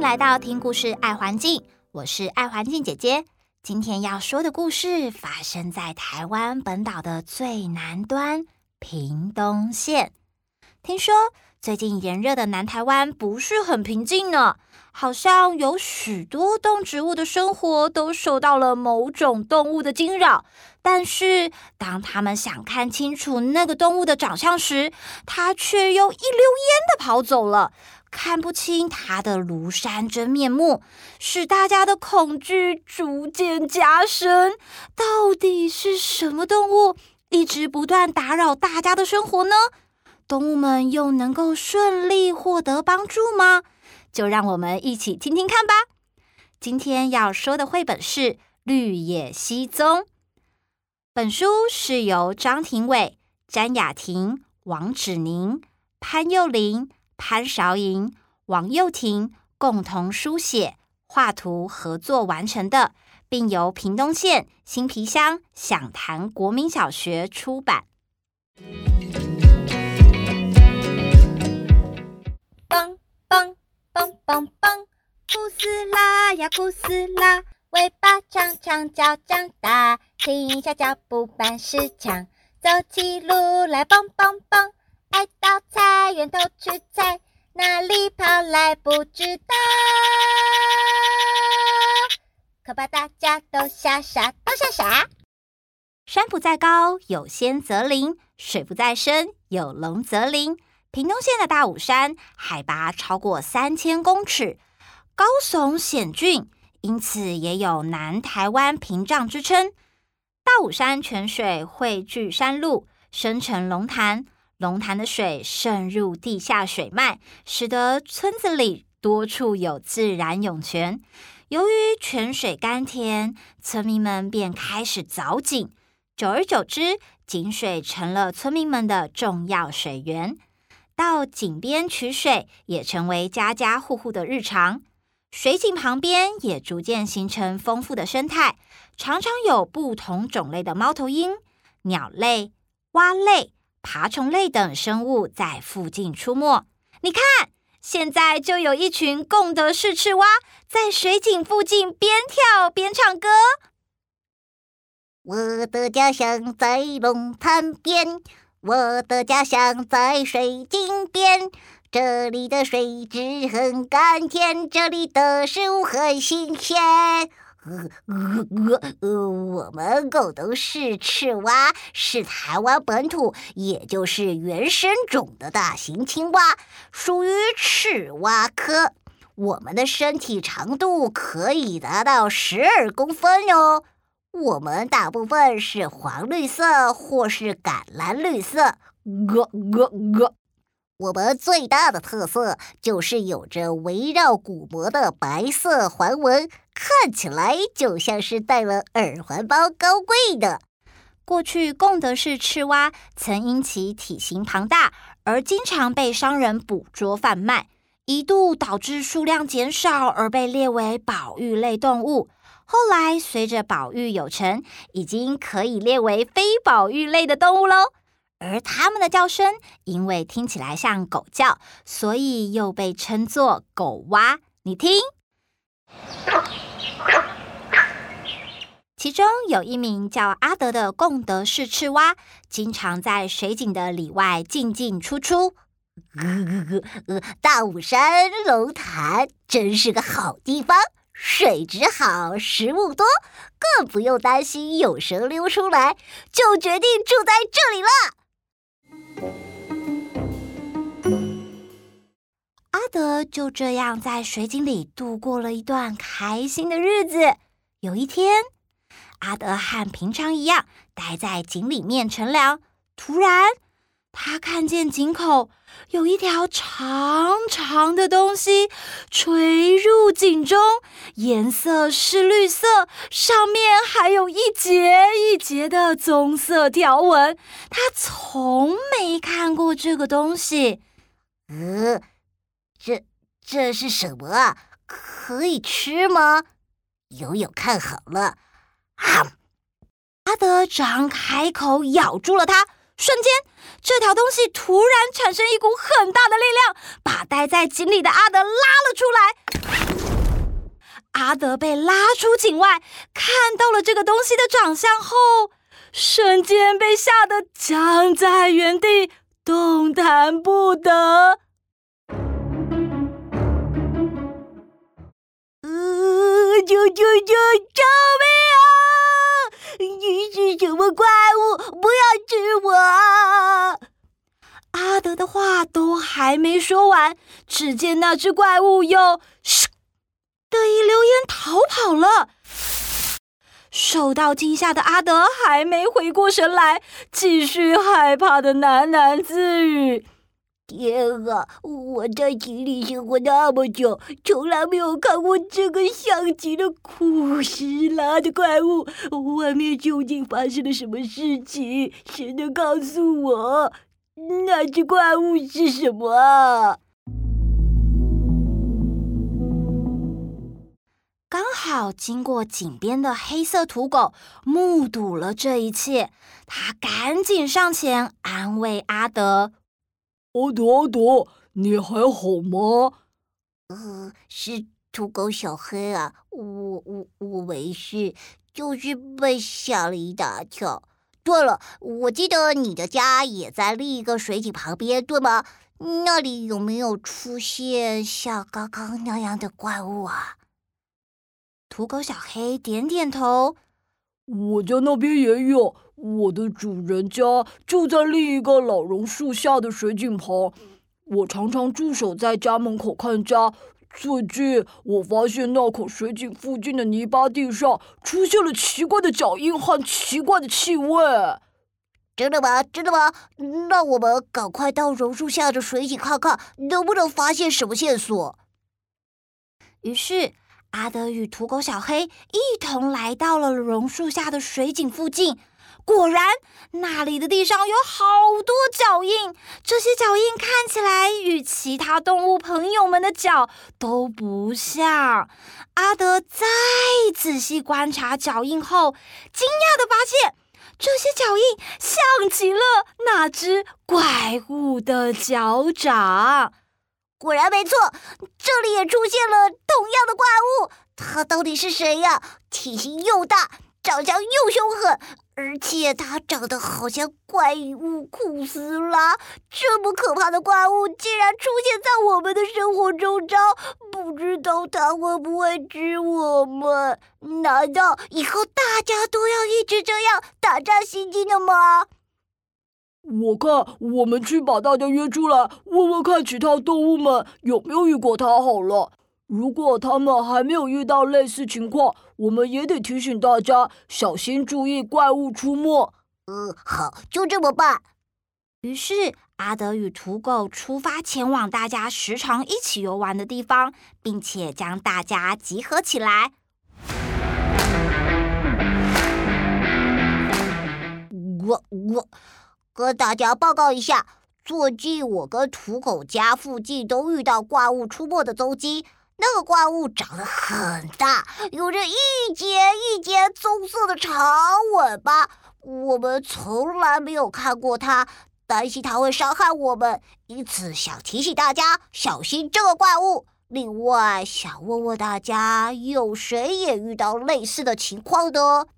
來到聽故事愛環境，我是愛環境姐姐。今天要說的故事發生在台灣本島的最南端屏東縣。聽說最近炎熱的南台灣不是很平靜呢，好像有許多動植物的生活都受到了某種動物的驚擾。但是當他們想看清楚那個動物的長相時，它卻又一溜煙地跑走了。看不清它的廬山真面目，使大家的恐懼逐漸加深。到底是什麼動物一直不斷打擾大家的生活呢？動物們又能夠順利獲得幫助嗎？就讓我們一起聽聽看吧。今天要說的繪本是《綠野蜥蹤》，本書是由張庭禕、詹雅庭、王芷寧、潘宥琳。潘韶瑩、王宥婷共同書寫、畫圖合作完成的，並由屏東縣新埤鄉餉潭國民小學出版。蹦蹦蹦蹦蹦，酷斯拉呀酷斯拉，尾巴長長，長，腳長大，停下腳步辦事強，走起路來蹦蹦蹦。蹦蹦愛到菜源都去菜哪裡跑來不知道，可把大家都嚇傻，傻，都嚇傻，傻。山不在高，有仙則靈；水不在深，有龍則靈。屏東縣的大武山，海拔超過三千公尺，高聳險峻，因此也有南台灣屏障之稱。大武山泉水匯聚山麓，生成龍潭。龍潭的水滲入地下水脈，使得村子裡多處有自然湧泉。由於泉水甘甜，村民們便開始鑿井。久而久之，井水成了村民們的重要水源。到井邊取水也成為家家戶戶的日常。水井旁邊也逐漸形成豐富的生態，常常有不同種類的貓頭鷹、鳥類、蛙類。爬蟲類等生物在附近出沒。你看，現在就有一群貢德氏赤蛙在水井附近邊跳邊唱歌。我的家鄉在龍潭邊，我的家鄉在水井邊。這裡的水質很甘甜，這裡的食物很新鮮。呃呃呃，我們貢德氏赤蛙，是台灣本土，也就是原生種的大型青蛙，屬於赤蛙科。我們的身體長度可以達到十二公分喲、哦。我們大部分是黃綠色或是橄欖綠色。呃呃呃，呃我們最大的特色就是有着圍繞鼓膜的白色環紋。看起來就像是戴了耳環包高貴的。過去貢德氏赤蛙曾因其體型龐大而經常被商人捕捉販賣，一度導致數量減少而被列為保育類動物。後來隨着保育有成，已經可以列為非保育類的動物嘍。而它們的叫聲因為聽起來像狗叫，所以又被稱作狗蛙。你聽。其中有一名叫阿德的貢德氏赤蛙，經常在水井的裡外進進出出。呃、呃大武山龍潭真是個好地方，水質好，食物多，更不用擔心有蛇溜出來，就決定住在這裡了。就這樣在水井裡度過了一段開心的日子。有一天，阿德和平常一樣待在井裡面乘涼，突然他看見井口有一條長長的東西垂入井中，顏色是綠色，上面還有一節一節的棕色條紋。他從沒看過這個東西，嗯這是什麼？可以吃嗎？友友看好了！啊！阿德張開口咬住了它，瞬間，這條東西突然產生一股很大的力量，把待在井裡的阿德拉了出來。阿德被拉出井外，看到了這個東西的長相後，瞬間被嚇得僵在原地，動彈不得。救救救！救命啊！你是什麼怪物？不要吃我啊！阿德的話都還沒說完，只見那只怪物又“唰”的一溜煙逃跑了。受到驚嚇的阿德還沒回過神來，繼續害怕的喃喃自語。天啊！我在井裡生活那麼久，從來沒有看過這個像極了酷斯拉的怪物。外面究竟發生了什麼事情？誰能告訴我？那隻怪物是什麼啊？剛好經過井邊的黑色土狗目睹了這一切，他趕緊上前安慰阿德。奧朵，奧朵、哦哦哦哦，你還好嗎？呃，是土狗小黑啊，我我我沒事，就是被嚇了一大跳。對了，我記得你的家也在另一個水井旁邊，對嗎？那裡有沒有出現像剛剛那樣的怪物啊？土狗小黑點點頭，我家那邊也有。我的主人家就在另一個老榕樹下的水井旁。我常常駐守在家門口看家。最近我發現那口水井附近的泥巴地上出現了奇怪的腳印和奇怪的氣味。真的嗎？真的嗎？那我們趕快到榕樹下的水井看看，能不能發現什麼線索？於是，阿德與土狗小黑一同來到了榕樹下的水井附近。果然，那裡的地上有好多腳印。這些腳印看起來與其他動物朋友們的腳都不像。阿德再仔細觀察腳印後，驚訝地發現，這些腳印像極了那隻怪物的腳掌。果然沒錯，這裡也出現了同樣的怪物。它到底是誰呀？啊？體型又大。長相又凶狠，而且它長得好像怪物酷斯拉。這麼可怕的怪物竟然出現在我們的生活周遭，不知道它會不會吃我們？難道以後大家都要一直這樣膽戰心驚的嗎？我看，我們去把大家約出來，問問看其他動物們有沒有遇過它好了。如果他們還沒有遇到類似情況，我們也得提醒大家小心注意怪物出沒。嗯，呃，好，就這麼辦。於是阿德與土狗出發前往大家時常一起遊玩的地方，並且將大家集合起來。嗯，我我跟大家報告一下，最近我跟土狗家附近都遇到怪物出沒的蹤跡。那個怪物長得很大，有着一節一節棕色的長尾巴。我們從來沒有看過它，擔心它會傷害我們，因此想提醒大家小心這個怪物。另外，想問問大家，有誰也遇到類似的情況的哦？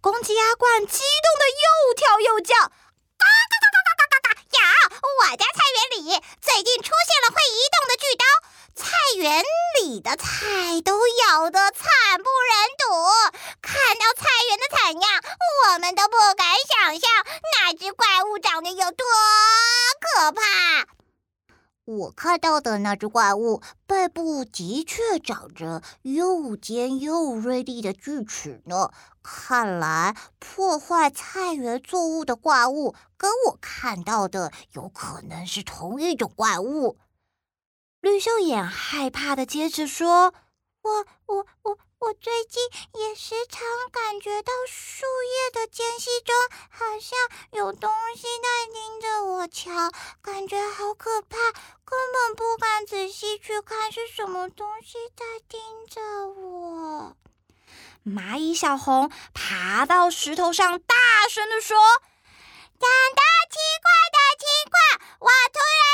公雞鴨冠激動的又跳又叫，嘎嘎嘎嘎嘎嘎嘎！有，我家菜園裡最近出現了會移動的巨刀。菜園裡的菜都咬得慘不忍睹，看到菜園的慘樣，我們都不敢想象那只怪物長得有多可怕。我看到的那只怪物背部的確長着又尖又銳利的鋸齒呢。看來破壞菜園作物的怪物跟我看到的有可能是同一種怪物。綠繡眼害怕的接着說：“我我我我最近也時常感覺到樹葉的間隙中好像有東西在盯着我瞧，感覺好可怕，根本不敢仔細去看是什麼東西在盯着我。”螞蟻小紅爬到石頭上，大聲的說：“長到奇怪的奇怪，我突然。”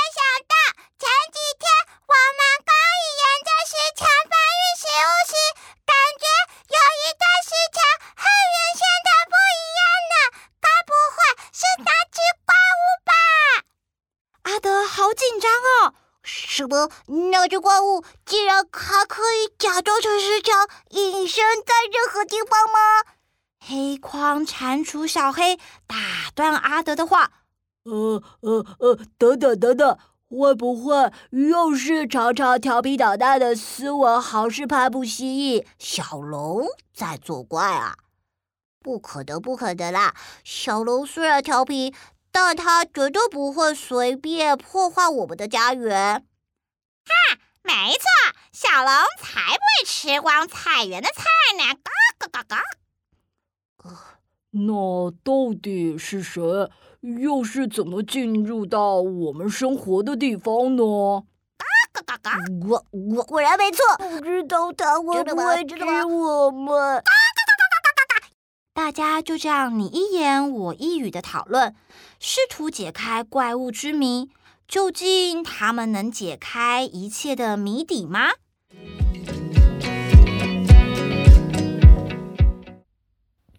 呃、那隻、個、怪物竟然還可以假裝成石橋，隱身在任何地方嗎？黑眶蟾蜍小黑打斷阿德的話：“呃呃呃，等等等等，會不會又是常常調皮搗蛋的斯文豪氏攀木蜥蜴小龍在作怪啊？不可得，不可得啦！小龍雖然調皮，但他絕對不會隨便破壞我們的家園。”哈、啊，沒錯，小龍才不會吃光菜園的菜呢！嘎嘎嘎嘎。呃，那到底是誰，又是怎麼進入到我們生活的地方呢？嘎嘎嘎嘎。我我果然沒錯，不知道它會不會吃我們？嘎嘎嘎嘎嘎嘎嘎。大家就這樣你一言我一語的討論，試圖解開怪物之謎。究竟他們能解開一切的謎底嗎？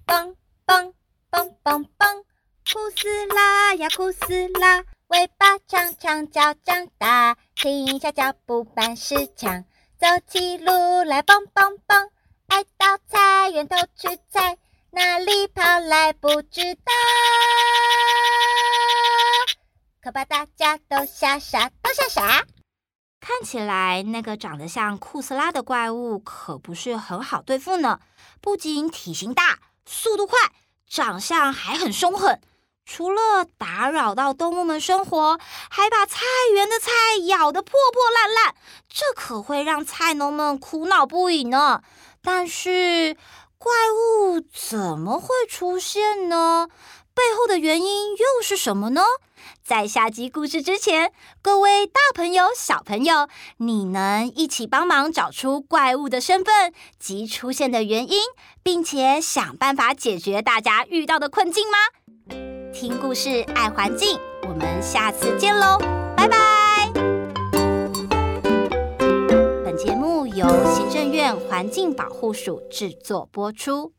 蹦蹦蹦蹦蹦，酷斯拉呀酷斯拉，尾巴長長，長，腳掌大，停下腳步辦事強，走起路來蹦蹦蹦，愛到菜園偷吃菜，哪裡跑來不知道。可把大家都嚇傻，都嚇傻！看起來那個長得像酷斯拉的怪物可不是很好對付呢。不僅體型大、速度快，長相還很兇狠。除了打擾到動物們生活，還把菜園的菜咬得破破爛爛，這可會讓菜農們苦惱不已呢。但是怪物怎麼會出現呢？背後的原因又是什麼呢？在下集故事之前，各位大朋友、小朋友，你能一起幫忙找出怪物的身份及出現的原因，並且想辦法解決大家遇到的困境嗎？聽故事愛環境，我們下次見嘍，拜拜！本節目由行政院環境保護署制作播出。